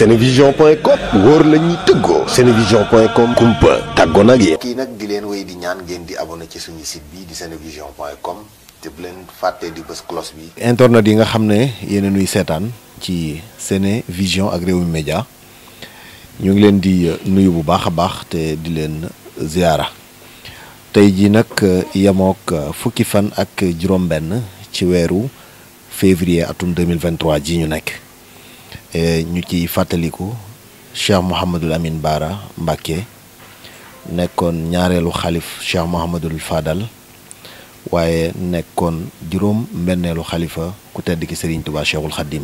senevision.com wor lañuy teggo tëggoo senevision.com kumpa tàggoo nag yéen kii nag di len way di ñaan ngeen di abonné ci suñu site bi di senevision.com te bu leen fàttee di bëss cloche bi internet yi nga xamné ne yéen a nuy seetaan ci Senevision ak Rewmi Média ñu ngi len di euh, nuyu bu baaxa baax te di len euh, ziyaara tay ji nak euh, yamok fukki fan ak juróom-benn ci wéru février atum 2023 ji ñu nekk Eh, ñu ci fàttaliku Cheikh Mouhamadul Amin Baara Mbacke nekkoon ñaareelu xalif Cheikh Mouhamadul Fadal waaye nekkoon juróom mbenneelu xalifa ku tedd ki Serigne Touba Cheikhul Khadim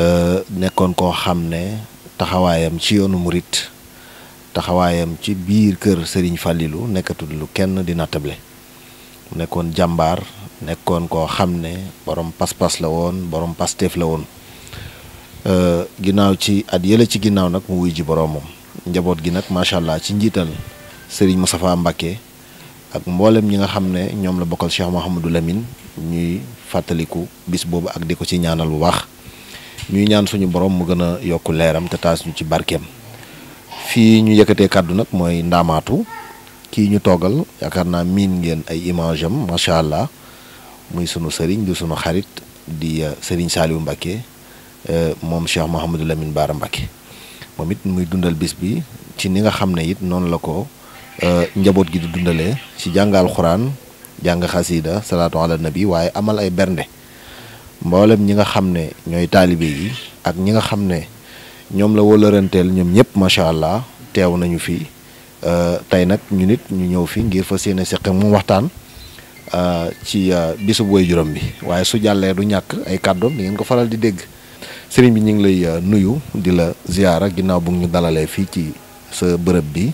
eh, nekkoon koo xam ne taxawaayam ci yoonu murit taxawaayam ci biir kër Serigne Fallilou nekkatu lu kenn di nattable nekkoon jàmbaar nekkoon koo xam ne borom pas-pas la woon borom pasteef la woon. Eh, ginaaw ci at yele ci ginaaw nak mu wuy ji boromum njabot gi nak machallah ci njital serigne Moustapha mbake ak mbollem ñi nga xamne ñom la bokal Cheikh Lamine ñuy fataliku bis bobu ak diko nyana ci ñaanal bu baax ñuy ñaan suñu borom mu gëna a leeram te tass ñu ci barkem fi ñu yëkëté kaddu nak moy ndamatu ki ñu togal yakarna min ngeen ay image am machallah muy sunu serigne di sunu xarit di eh, serigne Saliou mbake Euh, moom Cheikh Mouhamadou Lamine Bara Mbacké moom it muy dundal bis bi ci ni nga xam ne it noonu la ko euh, njaboot gi di dundalee ci jàngal xuraan jàng xasida salaatu ala nabi waaye amal ay bernde mboolem ñi nga xam ne ñooy taalibe yi ak ñi nga xam ne ñoom la wóolaranteel ñoom ñëpp macha allah teew nañu fi euh, tey nag ñu nit ñu ñëw fi ngir fa yéene seq mu waxtaan ci bisub woy juróom bi waaye su jàllee du ñàkk ay kàddoom di ngeen ko faral di dégg. serigne bi ñing lay nuyu di la ziyaara ginnaaw bu ñu dalalé fi ci sa bërepp bi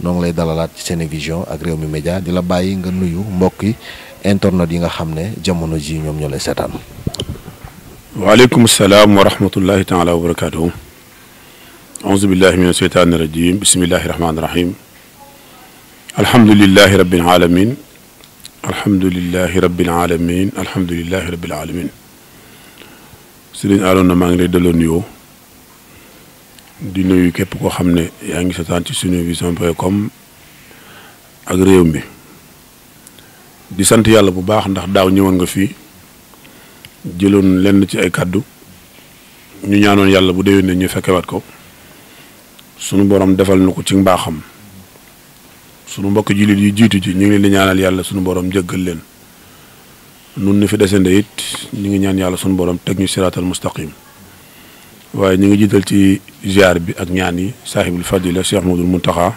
noo ngi lay dalalat ci sene vision ak réew mi média di la bàyyi nga nuyu mbokk yi internet yi nga xamné jamono ji ñom ñolay sétane wa alaykum assalam wa rahmatullahi taala wa barakaatuhu auzu billahi min asheytaani rajim bismillahi rahmaani rahim alhamdulillahi rabbil alamin alhamdulillahi rabbil alamin alhamdulillahi rabbil alamin aloon na maa ngi lay delloo nuyoo di nuyu képp koo xam ne yaa ngi seetaan ci sunuvision.com ak réew mi di sant yàlla bu baax ndax daaw ñëwoon nga fii jëloon lenn ci ay kàddu ñu ñaanoon yàlla bu déwén ne ñu fekkewaat ko sunu borom defal na ko ci mbaaxam sunu mbokk jullit yi jiitu ji ñu ngi leen di ñaanal yàlla sunu borom jëggal leen. nun ni fi desende it ñi ngi ñaan yàlla sun borom tek ñu siratal mustaqim way ñi ngi jiital ci ziar bi ak ñaan yi sahibul fadila Cheikh Modou muntaha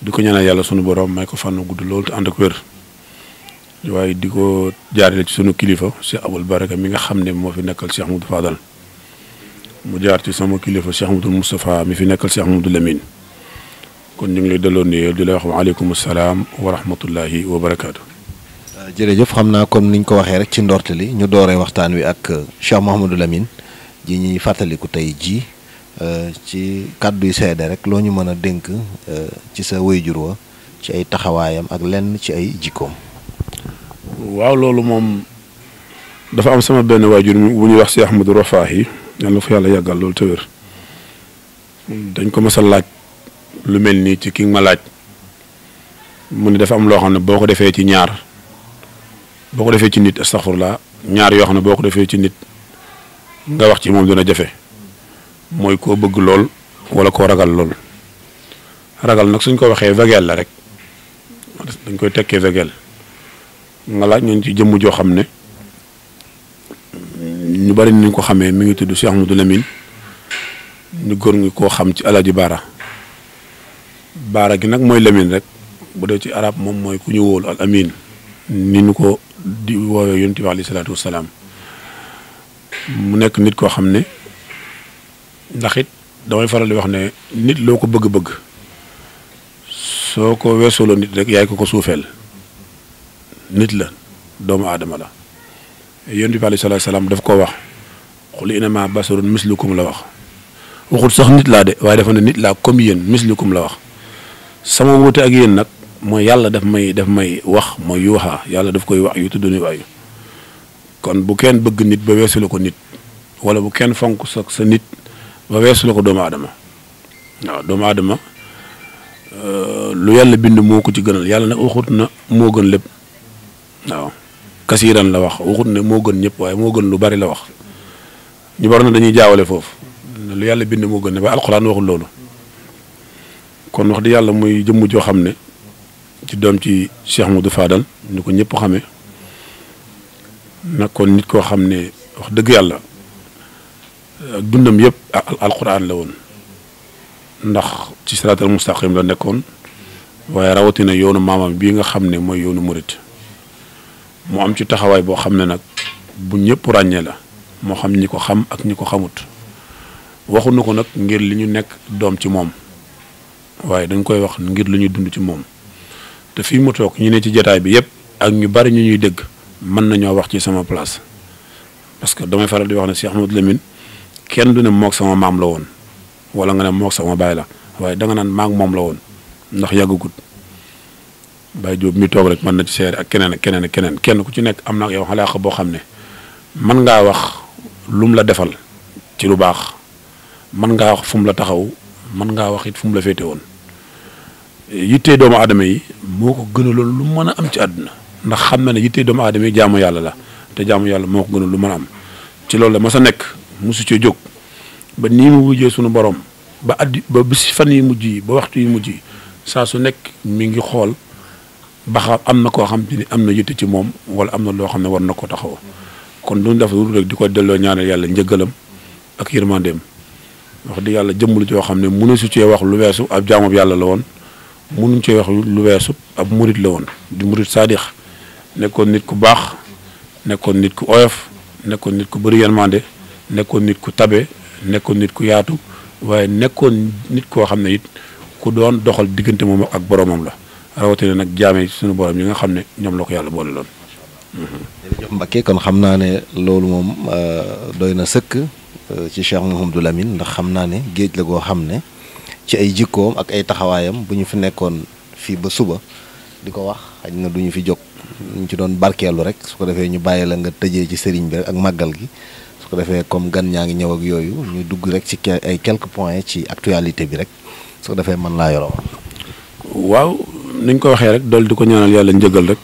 di ko ñaanal yàlla sun borom may ko fànn gudd lool te ànd ak wér way diko jaarale ci sunu kilifa Cheikh Abul Baraka mi nga xamné mo fi nekkal Cheikh Modou Fadal mu jaar ci sama kilifa Cheikh Modou mustafa mi fi nekkal Cheikh Modou Lamine kon ñu ngi lay delo nuyoo di lay wax waaleykum salaam wa rahmatullahi wa barakatuh jërëjëf xam naa comme niñ ko waxee rek ci ndorte li ñu dooree waxtaan wi ak euh, Cheikh Mouhamadou Lamine ji ñuy fàttaliku tey jii euh, ci kàdduy seede rek loo ñu mën a dénk euh, ci sa wayjur wa ci ay taxawaayam ak lenn ci ay jikkoom. waaw loolu moom dafa am sama benn waajur bu ñuy wax si Ahmadou Rafahi yàlla fu yàlla yàggal loolu te wér dañ ko mës laaj lu mel nii ci ki ma laaj mu ne dafa am loo xam ne boo ko defee ci ñaar. boo ko defee ci nit astaghfirullah ñaar yoo xam ne boo ko defee ci nit nga wax ci moom dina jafe mooy koo bëgg lool wala koo ragal lool ragal nag suñ ko waxee vegel la rek dañ koy tekkee vegel nga laaj ñooñ ci jëmm joo xam ne ñu bari nañ ko xamee mi ngi tudd Cheikh du Lamine ñu góor ngi koo xam ci Alaaji Baara Baara gi nag mooy Lamine rek bu dee ci arab moom mooy ku ñu wóolu al amin ni ñu ko di woowee yonent bi alayhi salaam mu nekk nit koo xam ne ndaxit damay faral di wax ne nit loo ko bëgg-bëgg soo ko weesooloo nit rek yaay ko ko suufeel nit la doomu aadama la yonent bi alayhi salaatu daf koo wax xul inama basarun mislukum la wax waxul sax nit laa de waaye dafa ne nit laa comme yéen mislukum la wax sama wuute ak yéen nag mooy yàlla daf may daf may wax mooy yu yuuxa yàlla daf koy wax yu tudd ni waayu kon bu kenn bëgg nit ba weesu la ko nit wala bu kenn fonk sa sa nit ba weesu la ko doomu aadama waaw doomu aadama euh, lu yàlla bind moo ko ci gënal yàlla na waxut na moo gën lépp waaw kasiiran la wax waxut ne moo gën ñëpp waaye moo gën lu bari la wax ñu bari na dañuy jaawale foofu lu yàlla bind moo gën ne ba alxuraan waxul loolu kon wax di yàlla muy jëmm joo xam ne ci doom ci Cheikh Modou Fadal ni ko ñëpp xamee nag kon nit koo xam ne wax dëgg yàlla ak dundam yëpp alquran la woon ndax ci siraatal mustaqim la nekkoon waaye rawatina yoonu maamam bii nga xam ne mooy yoonu morit mu am ci taxawaay boo xam ne nag bu ñëpp ràññee la moo xam ñi ko xam ak ñi ko xamut waxuñu ko nag ngir li ñu nekk doom ci moom waaye dañ koy wax ngir li ñu dund ci moom te fii mu toog ñu ne ci jataay bi yëpp ak ñu bari ñu ñuy dégg mën nañoo wax ci sama place parce que damay faral di wax ne Cheikh Ahmadou Lamine kenn du ne mook sama maam la woon wala nga ne mook sama baay la waaye danga naan maak moom la woon ndax yàggagut Baye Diop mi toog rek mën na ci seere ak keneen ak keneen ak keneen kenn ku ci nekk am na ak yow xalaat boo xam ne man ngaa wax lum la defal ci lu baax mën ngaa wax fu mu la taxaw mën ngaa wax it fu mu la féete woon yittee doomu aadama yi moo ko gën a loolu lu mën a am ci àdduna ndax xam na ne yittee doomu aadama yi jaamu yàlla la te jaamu yàlla moo ko gën a lu mën a am ci loolu la ma sa nekk mosu cee jóg ba nii mu wujjee sunu borom ba addi fan yi mujj yi ba waxtu yi mujj yi saa su nekk mi ngi xool ba xam am na koo xam te ni am na yitte ci moom wala am na loo xam ne war na ko taxaw kon duñ def lu rek di ko delloo ñaanal yàlla njëggalam ak yërmandeem wax di yàlla jëmmul joo xam ne mu ne su cee wax lu weesu ab jaamab yàlla la woon mënuñ ci wax lu weesu ab murit la woon di murit saadix nekkoon nit ku baax nekkoon nit ku oyof nekkoon nit ku bëri yërmande nekkoon nit ku tabe nekkoon nit ku yaatu waaye nekkoon nit koo xam ne it ku doon doxal diggante moom ak boromam la rawatina nag jaame suñu borom yi nga xam ne ñoom la ko yàlla boole loon. Mhm. jërëjëf kon xam naa ne loolu moom euh, doy na sëkk euh, ci Cheikh Mouhamadou Lamine ndax xam naa ne géej la goo xam ne. ci ay jikkoom ak ay taxawaayam bu ñu fi nekkoon fii ba suba di ko wax xaj na duñu fi jóg ñu ci doon barkeelu rek su ko defee ñu bàyyi la nga tëjee ci sëriñ bi ak màggal gi su ko defee comme gan ñaa ngi ñëw ak yooyu ñu dugg rek ci ay quelques points ci actualité bi rek su ko defee mën laa yoroo waaw niñ ko waxee rek dool di ko ñaanal yàlla njëgal rek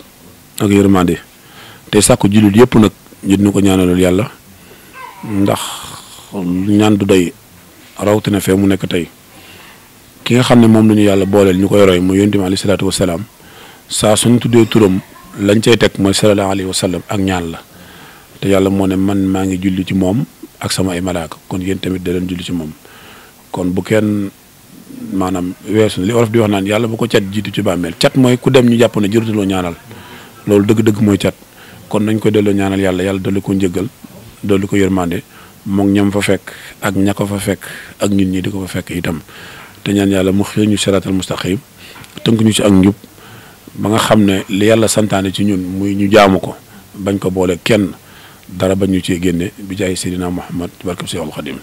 ak yërmande te sàkku jullit yépp nag ñu ko ñaanalul yàlla ndax ñaan du doy rawtina fee mu nekk tey ki nga xam ne moom la ñu yàlla booleel ñu koy roy mu yonent bi alayhi salaatu wa saa suñ tuddee turam lañ cay teg mooy sallallahu alayhi ak ñaan la te yàlla moo ne man maa ngi julli ci moom ak sama ay malaaka kon yéen tamit da leen julli ci moom kon bu kenn maanaam weesu li olof di wax naan yàlla bu ko cat jiitu ci bàmmeel cat mooy ku dem ñu jàpp ne jërutuloo ñaanal loolu dëgg-dëgg mooy cat kon nañ ko delloo ñaanal yàlla yàlla dolli ko njëgal doolu ko yërmande moo ñam fa fekk ak ña fa fekk ak ñun ñi di ko fekk itam te ñaan yàlla mu xëy ñu siraatal mustaqim tënk ñu ci ak njub ba nga xam ne li yàlla santaane ci ñun muy ñu jaamu ko bañ ko boole kenn dara bañ ñu cee génne bi jaay Seydina Muhammad barkab Seexul Xadim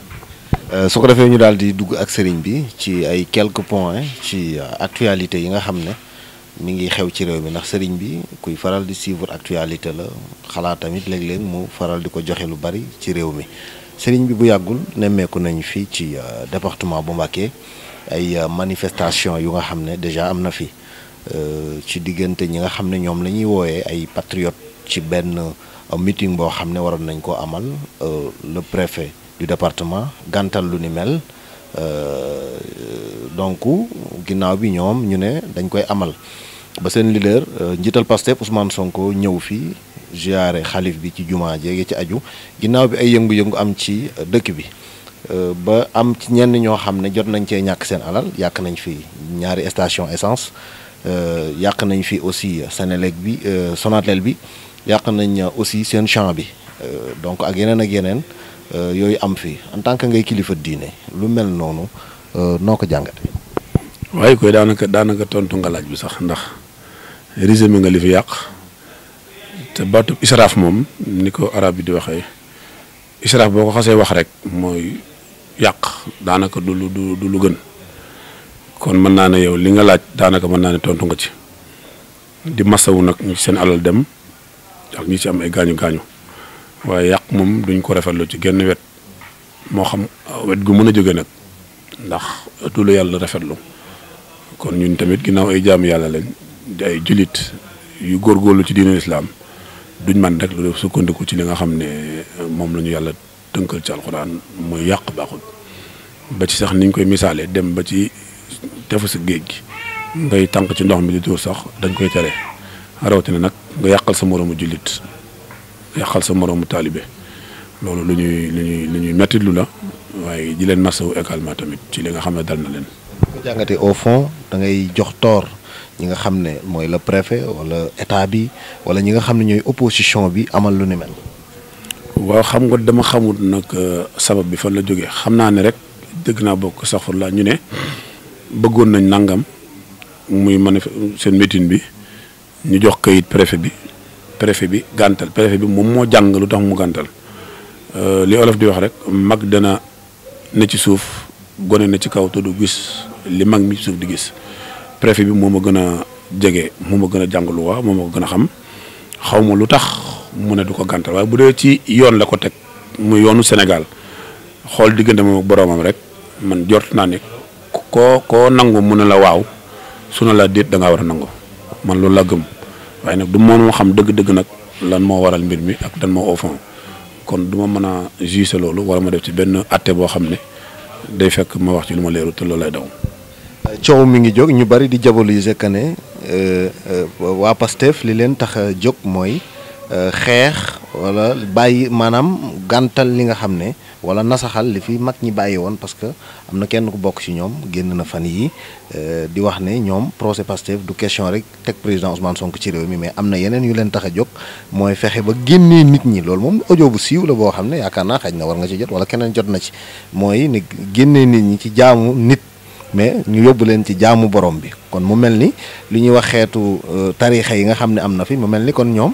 euh, su ko defee ñu daal di dugg ak sëriñ bi ci ay quelques points ci euh, actualité yi nga xam ne mu ngi xew ci réew mi ndax sëriñ bi kuy faral di suivre actualité la xalaat tamit léegi léeg mu faral di ko joxe lu bari ci réew mi sëriñ bi bu yàggul nemmeeku nañ fii ci euh, département bu ay euh, manifestation yu nga xam ne déjà am na fi euh, ci diggante ñi nga xam ne ñoom la ñuy wooyee ay patriotes ci benn meeting boo xam ne waroon nañ ko amal le préfet du département gàntal lu ni mel donc ginnaaw bi ñoom ñu ne dañ koy amal ba seen leader njiital Pastef Ousmane Sonko ñëw fii ziare xalif bi ci jumaa jeegi ci aju ginnaaw bi ay yëngu-yëngu am ci euh, dëkk bi euh, ba am ci ñenn ñoo xam ne jot nañ cee ñàkk seen alal yàq nañ fi ñaari station essence euh, yàq nañ fi aussi Senelec bi Sonatel bi yàq nañ aussi seen champ bi donc ak yeneen ak yeneen yooyu am fi en tant que ngay kilifa diine lu mel noonu noo ko jàngate waaye koy daanaka daanaka tontu nga laaj bi sax ndax résumé nga li fi yàq te baatub israaf moom ni ko arab yi di waxee israaf boo ko xasee wax rek mooy yàq daanaka du lu du lu gën kon mën naa ne yow li nga laaj daanaka mën naa ne tontu nga ci di masawu nag ñu seen alal dem ak ñi ci am ay gaañu gaañu waaye yàq moom duñ ko rafetlu ci genn wet moo xam wet gu mën a jóge nag ndax du lu yàlla rafetlu kon ñun tamit ginnaaw ay jaamu yàlla lañ di ay jullit yu góorgóorlu ci diine islaam duñ man rek lu def sukkandiku ci li nga xam ne euh, moom la ñu yàlla tënkal ci alxuraan mooy yàq baaxul ba ci sax niñ koy misaalee dem ba ci tefesu géej gi ngay tànk ci ndox mi di tuur sax dañ koy tere rawatina nag nga yàqal sa moroomu jullit yàqal sa moroomu taalibe loolu lu ñuy lu ñuy lu ñuy metti lu la waaye ji leen masawu également tamit ci li nga xam ne dal na leen. bu ko jàngatee au fond da ngay jox toor. ñi nga xam ne mooy le préfé wala état bi wala ñi nga xam ne ñooy opposition bi amal lu ne mel. waaw xam nga dama xamul nag euh, sabab bi fan la jógee xam naa ne rek dëgg naa bokk saxfur laa ñu ne bëggoon nañ nangam muy manif seen meeting bi ñu jox kayit préfet bi préfet bi gàntal préfet bi moom moo jàng lu tax mu gàntal euh, li olof di wax rek mag dana ne ci suuf gone na ci kaw te du gis li mag mi ci suuf di gis préfet bi moma gëna jëgé moma gëna moo ma gën a jàng xam xawma lutax mu ne duko gantal way bu dee ci yoon la ko tek mu yoonu Sénégal xol diggante moom ak boromam rek man jort na ne ko ko nangu mu ne la waw suna la déet da nga wara nangu man lu la gëm way nak du mo moo xam deug deug nak lan mo waral mbir mi ak dan mo au fond kon duma ma mën a juger loolu wala ma def ci ben atté bo xamné ne day fekk ma wax ci luma leeru te lolay daw coow mi ngi jóg ñu bari di diaboliser que ne euh, euh, waa Pastef li leen tax jóg mooy euh, xeex wala bàyyi maanaam gàntal li nga xam ne wala nasaxal li fi mag ñi bàyyi woon parce que am na kenn ku bokk ci ñoom génn na fan yi di wax ne ñoom procès Pastef du question rek teg président Ousmane Sonko ci réew mi mais am na yeneen yu leen tax a jóg mooy fexe ba génnee nit ñi loolu moom audio bu siiw la boo xam ne yaakaar naa xaj na war nga ci jot wala keneen jot na ci mooy ne génnee nit ñi ci jaamu nit. mais ñu yóbbu leen ci jaamu borom bi kon mu mel ni li ñuy wax xeetu euh, tariixa yi nga xam ne am na fi mu mel ni kon ñoom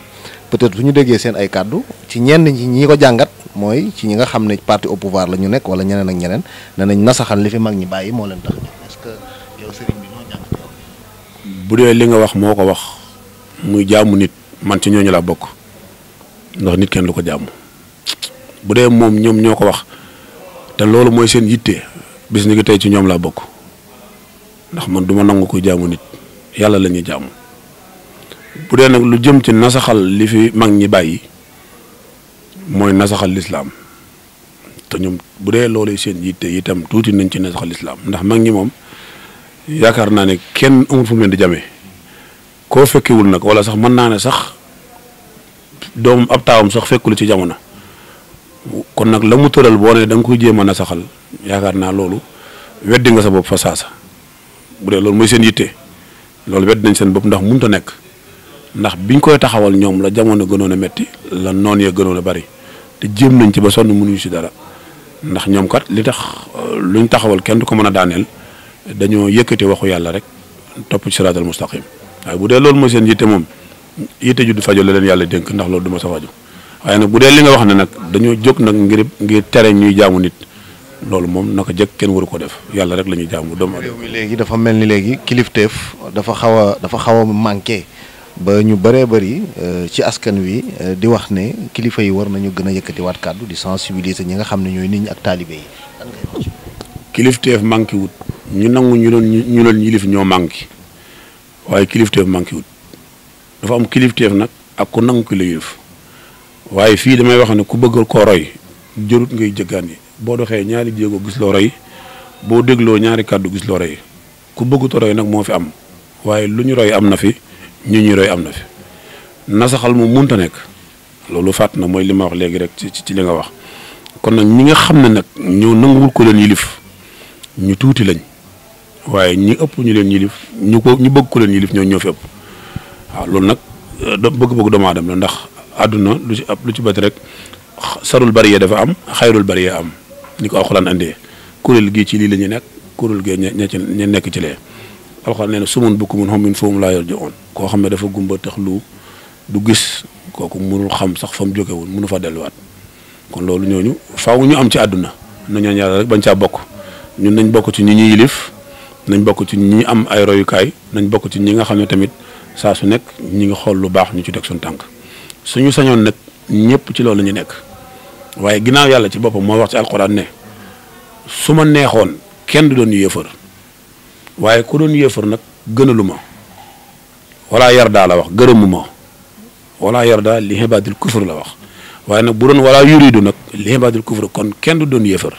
peut-être su ñu déggee seen ay kàddu ci ñenn ñi ñi ko jàngat mooy ci ñi nga xam ne parti au pouvoir la ñu nekk wala ñeneen ak ñeneen nee nañ nasaxal li fi mag ñi bàyyi moo leen tax est que yow bu dee li nga wax moo ko wax muy jaamu nit man ci ñooñu laa bokk ndox nit kenn lu ko jaamu bu dee moom ñoom ñoo ko wax te loolu mooy seen yitte bis ni ngi tey ci ñoom laa bokk ndax man du ma nangu koy jaamu nit yàlla la ñuy jaamu bu nag lu jëm ci nasaxal lifi fi mag ñi bàyyi mooy nasaxal lislaam te ñoom bu dee loolu seen yitte itam tuuti nañ ci nasaxal lislaam ndax mag ñi moom yaakaar naa ne kenn amul fu mu di jamee koo fekkewul nag wala sax mën naa ne sax doom ab taawam sax fekkul ci jamono kon nag la mu tëral boo ne da nga koy jéem a nasaxal yaakaar naa loolu weddi nga sa bopp fa saasa bu dee loolu mooy seen yitte loolu wedd nañ seen bopp ndax mënut a nekk ndax biñ koy taxawal ñoom la jamono gënoon a métti la noon ya gënoon a bari te jéem nañ ci ba sonn mënuñu si dara ndax ñoom kat li tax euh, luñ taxawal kenn du ko mën a daaneel dañoo yëkkati waxu yàlla rek topp ci siraatal mustaqim waaye bu dee loolu mooy seen yitte moom yitte ju du fajo la leen yàlla dénk ndax loolu du ma sa faju waaye nag bu dee li nga wax ne nag dañoo jóg nag ngir ngir tere ñuy jaamu nit loolu mom, naka jek ken waru ko def yalla rek lañu jamm jaamu doomu réew mi dafa melni ni léegi dafa xawa dafa xawa a ba ñu bëree bëri euh, ci askan wi euh, di wax ne kilifa yi war nañu gëna yëkëti wat kaddu di sensibiliser ñi nga xam ñoy ñooy nit ñi ak talibé yi. kilifteef manki wut ñu nangu ñu don ñu don yilif ñoo manqué waaye kilifteef manki wut dafa am kilifteef nak ak ku nangu damay wax ne ku bëggal ko roy jërut ngay bo doxé ñaari jéego gis lo ray bo deglo ñaari kàddu gis lo ray ku bëggu to ray nak mo fi am waye luñu roy amna fi ñu ñu roy am na fi nasaxal mu munta nek lolu fatna moy lima wax léegi rek ci ci li nga wax kon nak ñi nga xamne nak nag nangul ko leen yilif ñu tuuti lañ waye ñi ëpp ñu leen yilif ñu ko ñu bëgg ko leen yilif ñoo ñoo fi ëpp waaw loolu nag bëgg-bëgg doomu aadama la ndax aduna lu ci ab lu ci bët rek sarul bariya dafa am khairul bariya am ni ko alxuraan andee kuréel gii ci lii la ñu nekk kuréel gee ña ña ña nekk ci lee alxuraan nee na sumun bukkumun xumun fahum laa yarji'uun koo xam ne dafa gumba tax lu du gis kooku mënul xam sax fa mu jóge woon mënu fa delluwaat kon loolu ñooñu faaw ñu am ci àdduna na ñooñu rek bañ caa bokk ñun nañ bokk ci ñi ñuy yilif nañ bokk ci ñi am ay royukaay nañ bokk ci ñi nga xam ne tamit saa su nekk ñu ngi xool lu baax ñu ci teg suñu tànk suñu sañoon nag ñëpp ci loolu la ñu nekk waaye ginnaaw yàlla ci boppam moo wax ci alxuraan ne su ma neexoon kenn du doon yéefar waaye ku doon yéefar nag gënalu ma wala yardaa la wax gërëmu ma wala yardaa li xibaadil kufur la wax waaye nag bu doon wala yuridu nag li xibaadil kufur kon kenn du doon yéefar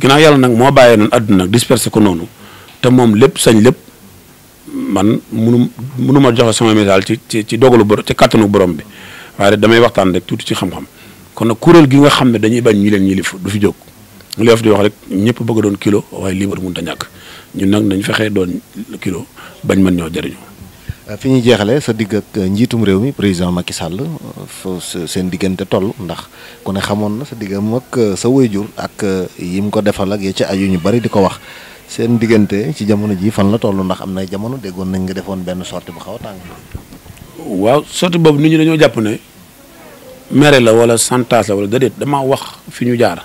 ginnaaw yàlla nag moo bàyyee noonu àdduna dispersé ko noonu te moom lépp sañ lépp man munu munu ma joxe sama message ci ci ci dogalu borom ci borom bi waaye damay waxtaan rek tuuti ci xam-xam. kon nag kuréel gi nga xam ne dañuy bañ ñu leen yilif du fi jóg li di rek ñëpp bëgg doon kilo waaye liibar mënut a ñàkk ñun nag nañ fexee doon kilo bañ mën ñoo jëriñu. Euh, fi ñuy jeexalee sa digg ak euh, njiitum réew mi président Macky Sall foo seen diggante toll ndax kon ne xamoon na sa diggam ak euh, sa waajur ak yi mu ko defal ak ya ci aju ñu bari di ko wax seen diggante ci jamono ji fan la toll ndax am na jamono déggoon nañ nga defoon benn sortie bu xaw a tàng. waaw sortie boobu nit ñi dañoo jàpp ne. mere la wala santaas la wala déedéet damaa wax fi ñu jaar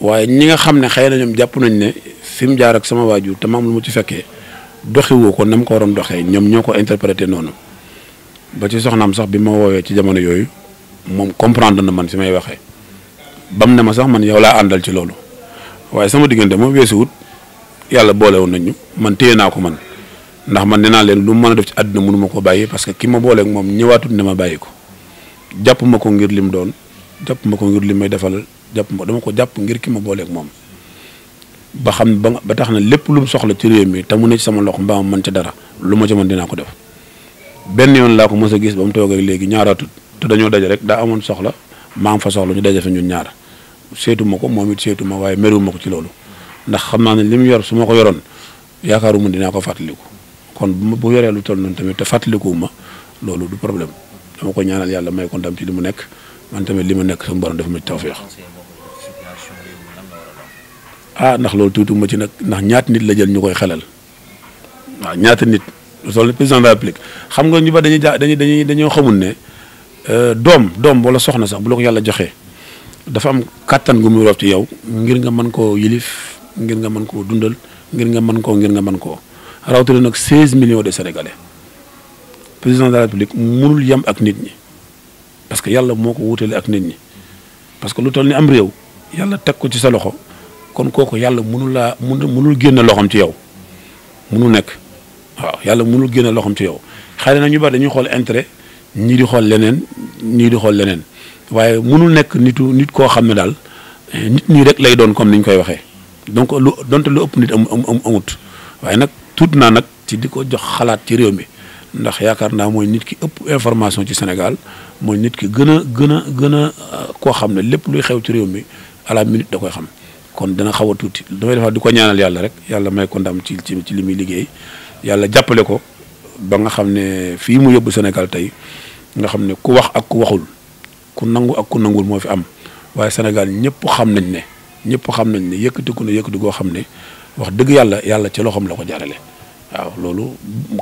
waaye ñi nga xam ne xëy na ñoom jàpp nañ ne fi mu jaar ak sama waajur te maam lu mu ci fekkee doxiwoo ko nam ko waroon doxee ñoom ñoo ko interprété noonu ba ci soxnaam sax bi ma woowee ci jamono yooyu moom comprendre na man fi may waxee bam ne ma sax man yow laa àndal ci loolu waaye sama diggante moom weesuwut yàlla boolewoon nañu man téye naa ko man ndax man nee naa leen lu mu a def ci àdduna ko bàyyi parce que ki ma booleeg moom ñëwaatul ne ma bàyyi jàpp ma ko ngir lim doon jàpp ma ko ngir lim may defal jàpp ma dama ko jàpp ngir ki ma booleeg moom ba xam ba ba tax na lépp lu mu soxla ci réew mi te mu ne sama loxo mbaam man ca dara lu ma ca mën dinaa ko def benn yoon laa ko mos a gis ba mu toogee léegi ñaaraatut te dañoo daje rek daa amoon soxla maa fa soxla ñu daje fa ñun ñaar seetu ma ko moom it seetu ma waaye meru ma ko ci loolu ndax xam naa ne li mu yor su ma ko yoroon yaakaaru mu dinaa ko fàttaliku kon bu yoree lu toll noonu tamit te ma loolu du problème. dama ko ñaanal yàlla may ko ndam ci li mu nekk man tamit li mu nekk borom ma ci ah nak loolu tuuti ma ci nak, ndax ñaata nit la jël ñu koy xelal waaw ñaata nit loolu président de la République xam nga ñu ba dañuy ja dañuy dañuy xamul ne euh, doom dom wala soxna sax bu la ko dafa am katan gu mu ci yow ngir nga mën yilif ngir nga mën dundal ngir nga mën koo ngir nga mën koo rawatina nag 16 millions de sénégalais. président de la république mënul yem ak nit ñi parce que yàlla moo ko wutale ak nit ñi parce que lu toll ni am réew yàlla teg ko ci sa loxo kon kooku yàlla mënul laa mënul génn loxoom ci yow mënul nekk waaw yàlla munul génn loxoom ci yow xëy na ñu bari dañuy xool intérêt ñii di xool leneen ñii di xool leneen waaye mënul nekk nitu nit koo xam ne daal eh, nit ñi rek lay doon comme ni koy waxee donc lu donte lu ëpp nit am amut waaye nag tuut naa nag ci di ko jox xalaat ci réew mi. ndax yaakaar naa mooy nit ki ëpp information ci Sénégal mooy nit ki gën a gën a gën a euh, koo xam ne lépp luy xew ci réew mi à la minute da koy xam kon dana xaw a tuuti dafay defar di ko ñaanal yàlla rek yàlla may ko ndam ci ci li muy liggéey yàlla jàppale ko ba nga xam ne fii mu yóbbu Sénégal tey nga xam ne ku wax ak ku waxul ku nangu ak ku nangul moo fi am waaye Sénégal ñëpp xam nañ ne ñëpp xam nañ ne yëkkatiku na yëkkati koo xam ne wax dëgg yàlla yàlla ci loxoom la ko jaarale waaw loolu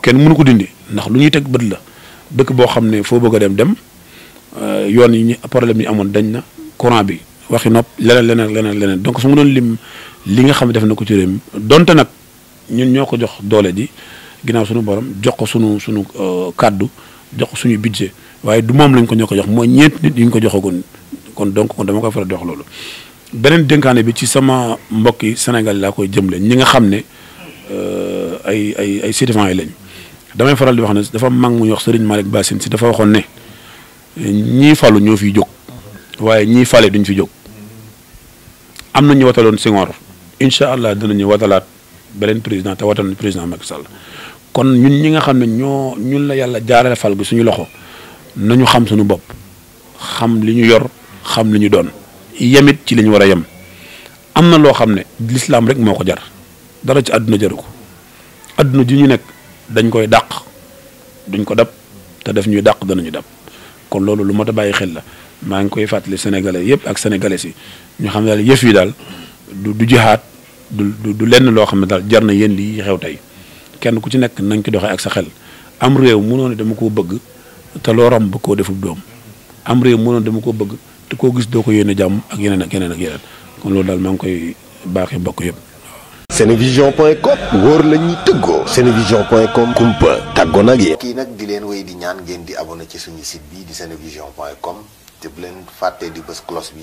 kenn mënu ko dindi ndax lu ñuy teg bët la dëkk boo xam ne foo bëgg a dem dem euh, yoon yi ñu problème yi amoon dañ na courant bi waxi nopp leneen leneen leneen leneen donc su ma doon lim li nga xam ne def na ko ci réew mi donte nag ñun ñoo ko jox doole ji ginnaaw suñu borom jox ko suñu suñu euh, kàddu jox suñu budget waaye du moom lañ ko ñoo ko jox mooy ñeent nit ñu ko joxagoon kon donc kon dama koy faral di wax loolu. beneen dénkaane bi ci sama mbokki Sénégal laa koy jëmle ñi nga xam ne. Euh, ay ay ay sytéfans yi lañ damay faral di wax ne dafa mag mu ñuy wax Serigne Malick Bassine si dafa waxoon ne ñii falu ñoo fi jóg waaye ñii fale duñ fi jóg am na ñu wataloon Senghor incha allah dinañu watalaat beneen président te watal président Macky Sall kon ñun ñi nga xam ne ñoo ñun la yàlla jaarale fal gi suñu loxo nañu xam suñu bopp xam li ñu yor xam li ñu doon yemit ci li war a yem am na loo xam ne lislaam rek moo ko jar dara ci àdduna jaru ko adduna ji ñu nekk dañ koy dàq duñ ko dab te def ñuy dàq danañu dab kon loolu lu ma a bàyyi xel la maa ngi koy fàttali sénégalais yëpp ak sénégalais yi ñu xam ne daal yëf yi daal du du jihaat du du lenn loo xam ne daal jar na yéen lii xew tey kenn ku ci nekk nañ ko doxee ak sa xel am réew mënoo ne dama ko bëgg te loo romb koo defub doom am réew mënoo ne dama koo bëgg te koo gis doo ko yéene jàmm ak yeneen ak yeneen ak yeneen kon loolu daal maa ngi koy baaxee mbokk yëpp. senevision.com wóor la ñuy tëggoo senevision.com kumpa tàggoo nag yéen. kii nag di leen wéy di ñaan ngeen di abonné ci suñu sit bi di senevision.com te bu leen fàttee di bës cloche bi.